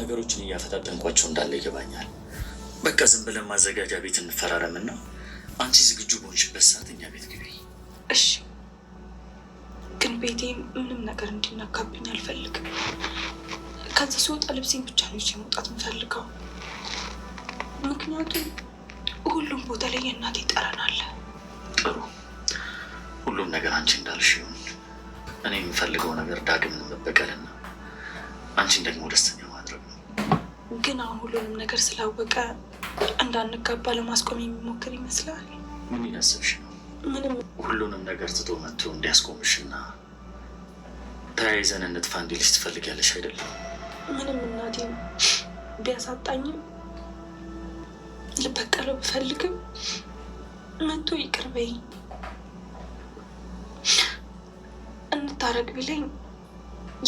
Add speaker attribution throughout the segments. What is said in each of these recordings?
Speaker 1: ነገሮችን እያፈታተንኳቸው እንዳለ ይገባኛል። በቃ ዝም ብለን ማዘጋጃ ቤት እንፈራረምና አንቺ ዝግጁ በሆንሽበት ሰዓት እኛ ቤት ግቢ።
Speaker 2: እሺ። ግን ቤቴ ምንም ነገር እንዲነካብኝ አልፈልግም። ከዚህ ሲወጣ ልብሴን ብቻ ነው መውጣት የምፈልገው። ምክንያቱም ሁሉም ቦታ ላይ የእናት ጠረን
Speaker 1: ጥሩ፣ ሁሉም ነገር አንቺ እንዳልሽ ይሁን። እኔ የምፈልገው ነገር ዳግምን መበቀልና አንቺን ደግሞ ደስተኛ
Speaker 2: ግን አሁን ሁሉንም ነገር ስላወቀ እንዳንጋባ ለማስቆም የሚሞክር ይመስላል።
Speaker 1: ምን እያሰብሽ ምንም። ሁሉንም ነገር ትቶ መጥቶ እንዲያስቆምሽ ተያይዘን እንጥፋ እንዲልሽ ትፈልጊያለሽ አይደለም?
Speaker 2: ምንም እናቴ ቢያሳጣኝም ልበቀለው ብፈልግም መቶ ይቅር በይ እንታረቅ ቢለኝ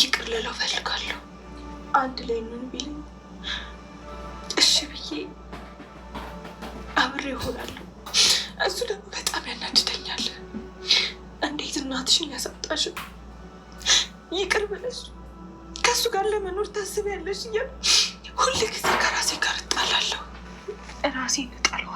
Speaker 2: ይቅር ልለው ፈልጋለሁ። አንድ ላይ ምን ቢለኝ እሺ ብዬ አብሬ እሆናለሁ። እሱ ደግሞ በጣም ያናድደኛል። እንዴት እናትሽን ያሳጣሽ? ይቅር ብለሽ ከእሱ ጋር ለመኖር ታስቢያለሽ እያል ሁል ጊዜ ከራሴ ጋር እጣላለሁ። ራሴ ። እጣላለሁ።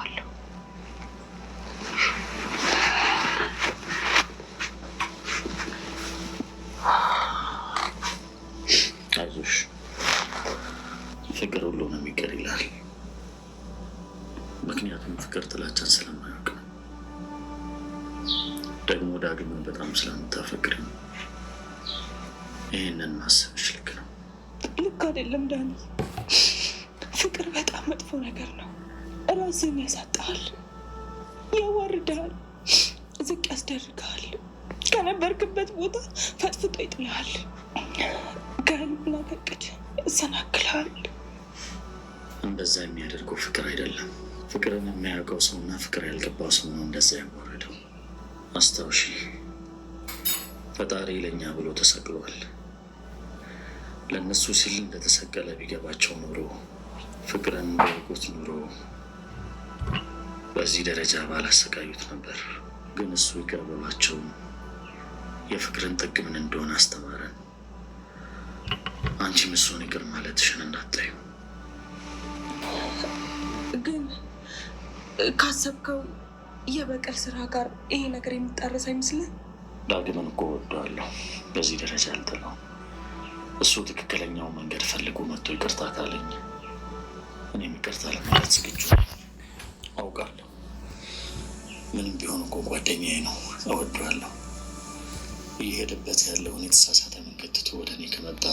Speaker 1: ዳግምን በጣም ስለምታፈቅድ ነው ይህንን ማሰብሽ ልክ ነው።
Speaker 2: ልክ አይደለም ዳኒ። ፍቅር በጣም መጥፎ ነገር ነው። ራስን ያሳጣል፣ ያዋርዳል፣ ዝቅ ያስደርጋል። ከነበርክበት ቦታ ፈጥፍጦ ይጥላል። ከህልምና ከቅድ ያሰናክላል።
Speaker 1: እንደዛ የሚያደርገው ፍቅር አይደለም። ፍቅርን የሚያውቀው ሰውና ፍቅር ያልገባው ሰው ነው እንደዛ ያዋረደው። አስታውሺ፣ ፈጣሪ ለእኛ ብሎ ተሰቅሏል። ለእነሱ ሲል እንደተሰቀለ ቢገባቸው ኑሮ ፍቅርን በወቁት ኑሮ በዚህ ደረጃ ባላሰቃዩት ነበር። ግን እሱ ይቅር የፍቅርን ጥግ ምን እንደሆነ አስተማረን። አንቺም እሱን ይቅር ማለትሽን እንዳታዩ።
Speaker 2: ግን ካሰብከው የበቀል ስራ ጋር ይሄ ነገር የሚጣረስ አይመስልም።
Speaker 1: ዳግምን እኮ ወደዋለሁ። በዚህ ደረጃ ነው እሱ ትክክለኛው መንገድ ፈልጎ መጥቶ ይቅርታ ካለኝ እኔም ይቅርታ ለማለት ዝግጁ አውቃለሁ። ምንም ቢሆን እኮ ጓደኛዬ ነው፣ እወደዋለሁ። እየሄደበት ያለውን የተሳሳተ መንገድ ትቶ ወደ እኔ ከመጣ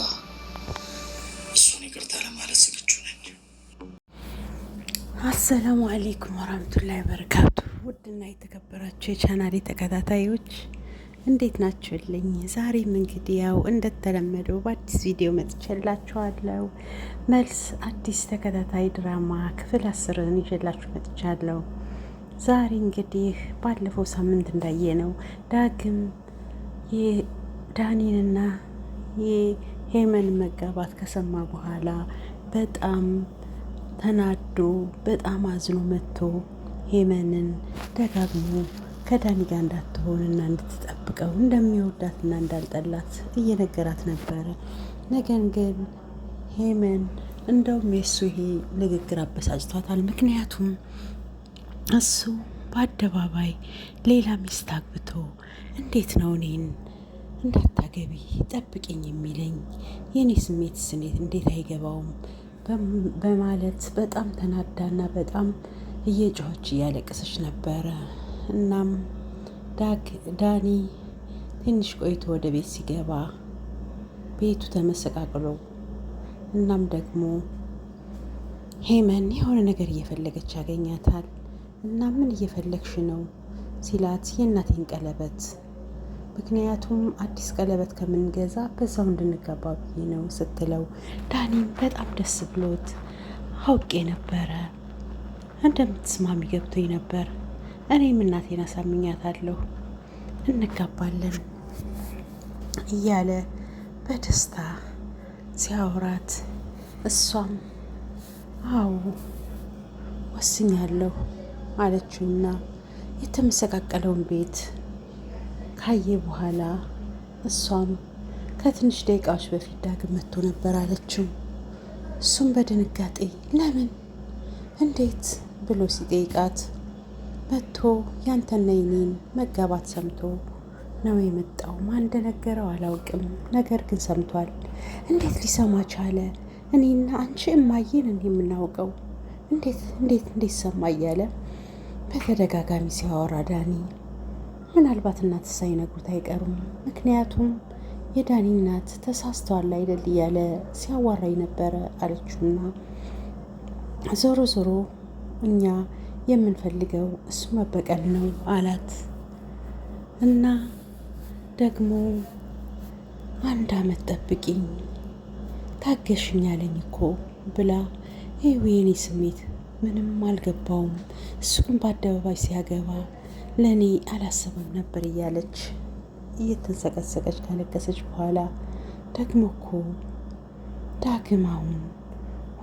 Speaker 1: እሱን ይቅርታ ለማለት ዝግጁ ነኝ።
Speaker 3: አሰላሙ አሌይኩም ወራህመቱላሂ በረካቱ ውድና የተከበራቸው የቻናሌ ተከታታዮች እንዴት ናችሁልኝ? ዛሬም እንግዲህ ያው እንደተለመደው በአዲስ ቪዲዮ መጥቼላችኋለሁ። መልስ አዲስ ተከታታይ ድራማ ክፍል አስርን ይዤላችሁ መጥቻለሁ። ዛሬ እንግዲህ ባለፈው ሳምንት እንዳየ ነው ዳግም የዳኒንና የሄመን መጋባት ከሰማ በኋላ በጣም ተናዶ በጣም አዝኖ መጥቶ ሄመንን ደጋግሞ ከዳኒ ጋር እንዳትሆንና እንድትጠብቀው እንደሚወዳት ና እንዳልጠላት እየነገራት ነበረ። ነገር ግን ሄመን እንደውም የእሱ ይሄ ንግግር አበሳጭቷታል። ምክንያቱም እሱ በአደባባይ ሌላ ሚስት አግብቶ እንዴት ነው እኔን እንዳታገቢ ጠብቅኝ የሚለኝ የእኔ ስሜት ስኔት እንዴት አይገባውም በማለት በጣም ተናዳና በጣም እየጮኸች እያለቀሰች ነበረ። እናም ዳግ ዳኒ ትንሽ ቆይቶ ወደ ቤት ሲገባ ቤቱ ተመሰቃቅሎ እናም ደግሞ ሄመን የሆነ ነገር እየፈለገች ያገኛታል። እና ምን እየፈለግሽ ነው ሲላት የእናቴን ቀለበት ምክንያቱም አዲስ ቀለበት ከምንገዛ በዛው እንድንጋባ ብዬ ነው ስትለው ዳኒም በጣም ደስ ብሎት አውቄ ነበረ እንደምትስማሚ ገብቶኝ ነበር። እኔም እናቴን አሳምኛታለሁ እንጋባለን እያለ በደስታ ሲያወራት እሷም አዎ ወስኛለሁ አለችውና የተመሰቃቀለውን ቤት ካየ በኋላ እሷም ከትንሽ ደቂቃዎች በፊት ዳግም መጥቶ ነበር አለችው። እሱም በድንጋጤ ለምን እንዴት ብሎ ሲጠይቃት መጥቶ ያንተና የኔን መጋባት ሰምቶ ነው የመጣው። ማን እንደነገረው አላውቅም፣ ነገር ግን ሰምቷል። እንዴት ሊሰማ ቻለ? እኔና አንቺ እማዬን የምናውቀው እንዴት እንዴት እንዴት ሰማ እያለ በተደጋጋሚ ሲያወራ ዳኒ ምናልባት እናት ሳይነግሩት አይቀሩም። ምክንያቱም የዳኒ እናት ተሳስተዋል አይደል እያለ ሲያዋራኝ ነበረ አለችውና ዞሮ ዞሮ እኛ የምንፈልገው እሱ መበቀል ነው አላት። እና ደግሞ አንድ አመት ጠብቂኝ ታገሽኝ አለኝ እኮ ብላ ይህ የኔ ስሜት ምንም አልገባውም፣ እሱ ግን በአደባባይ ሲያገባ ለእኔ አላሰበም ነበር እያለች እየተንሰቀሰቀች ካለቀሰች በኋላ ደግሞ እኮ ዳግም አሁን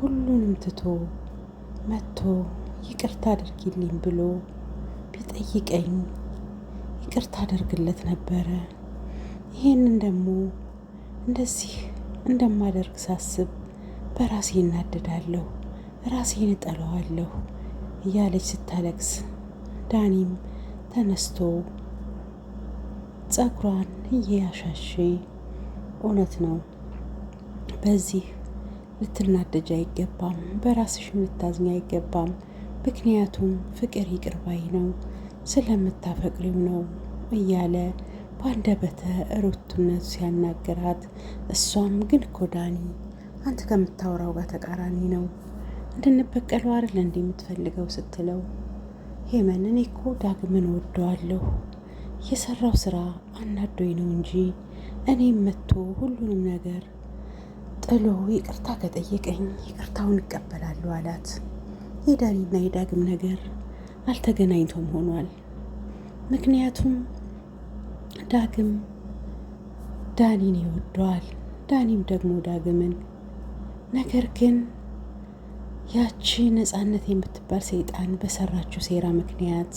Speaker 3: ሁሉንም ትቶ መጥቶ ይቅርታ አድርጊልኝ ብሎ ቢጠይቀኝ ይቅርታ አደርግለት ነበረ። ይሄንን ደግሞ እንደዚህ እንደማደርግ ሳስብ በራሴ እናደዳለሁ፣ ራሴን እጠለዋለሁ እያለች ስታለቅስ ዳኒም ተነስቶ ጸጉሯን እያሻሸ እውነት ነው፣ በዚህ ልትናደጅ አይገባም፣ በራስሽም ልታዝኝ አይገባም ምክንያቱም ፍቅር ይቅርባይ ነው፣ ስለምታፈቅሪው ነው እያለ በአንደበተ ርቱዕነት ሲያናግራት፣ እሷም ግን እኮ ዳኒ አንተ ከምታወራው ጋር ተቃራኒ ነው እንድንበቀለው አይደል እንደ የምትፈልገው ስትለው፣ ሄመን እኔ እኮ ዳግምን ወደዋለሁ የሰራው ስራ አናዶኝ ነው እንጂ እኔም መጥቶ ሁሉንም ነገር ጥሎ ይቅርታ ከጠየቀኝ ይቅርታውን እቀበላለሁ አላት። የዳኒና የዳግም ነገር አልተገናኝቶም ሆኗል። ምክንያቱም ዳግም ዳኒን ይወደዋል፣ ዳኒም ደግሞ ዳግምን። ነገር ግን ያቺ ነፃነት የምትባል ሰይጣን በሰራችው ሴራ ምክንያት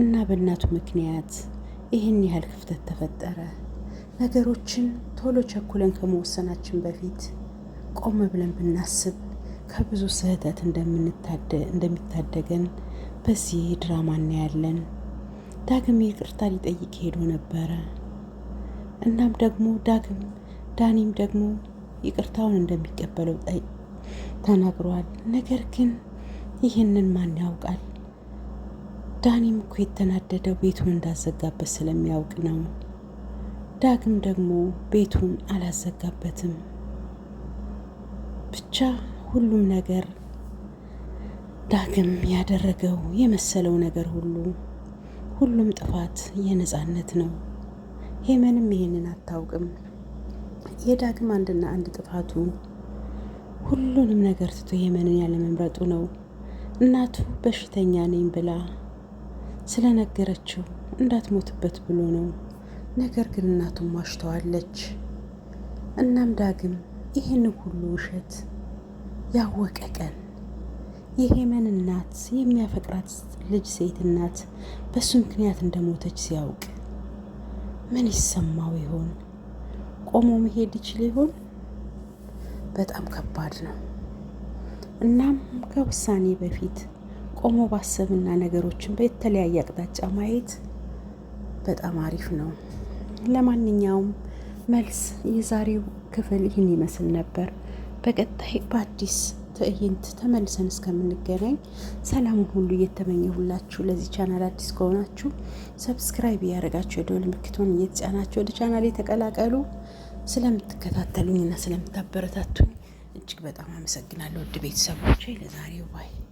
Speaker 3: እና በእናቱ ምክንያት ይህን ያህል ክፍተት ተፈጠረ። ነገሮችን ቶሎ ቸኩለን ከመወሰናችን በፊት ቆም ብለን ብናስብ ከብዙ ስህተት እንደሚታደገን በዚህ ድራማ እናያለን። ዳግም ይቅርታ ሊጠይቅ ሄዶ ነበረ። እናም ደግሞ ዳግም ዳኒም ደግሞ ይቅርታውን እንደሚቀበለው ተናግሯል። ነገር ግን ይህንን ማን ያውቃል? ዳኒም እኮ የተናደደው ቤቱን እንዳዘጋበት ስለሚያውቅ ነው። ዳግም ደግሞ ቤቱን አላዘጋበትም ብቻ ሁሉም ነገር ዳግም ያደረገው የመሰለው ነገር ሁሉ ሁሉም ጥፋት የነፃነት ነው። ሄመንም ይሄንን አታውቅም። የዳግም አንድና አንድ ጥፋቱ ሁሉንም ነገር ትቶ ሄመንን ያለመምረጡ ነው። እናቱ በሽተኛ ነኝ ብላ ስለነገረችው እንዳትሞትበት ብሎ ነው። ነገር ግን እናቱም ዋሽተዋለች። እናም ዳግም ይህን ሁሉ ውሸት ያወቀ ቀን የሄመን እናት የሚያፈቅራት ልጅ ሴት እናት በእሱ ምክንያት እንደሞተች ሲያውቅ ምን ይሰማው ይሆን? ቆሞ መሄድ ይችል ይሆን? በጣም ከባድ ነው። እናም ከውሳኔ በፊት ቆሞ ባሰብና ነገሮችን በተለያየ አቅጣጫ ማየት በጣም አሪፍ ነው። ለማንኛውም መልስ የዛሬው ክፍል ይህን ይመስል ነበር። በቀጣይ በአዲስ ትዕይንት ተመልሰን እስከምንገናኝ ሰላም ሁሉ እየተመኘሁላችሁ ለዚህ ቻናል አዲስ ከሆናችሁ ሰብስክራይብ እያደረጋችሁ የደወል ምልክቱን እየተጫናችሁ ወደ ቻናል የተቀላቀሉ። ስለምትከታተሉኝና ስለምታበረታቱኝ እጅግ በጣም አመሰግናለሁ ውድ ቤተሰቦቼ። ለዛሬው ባይ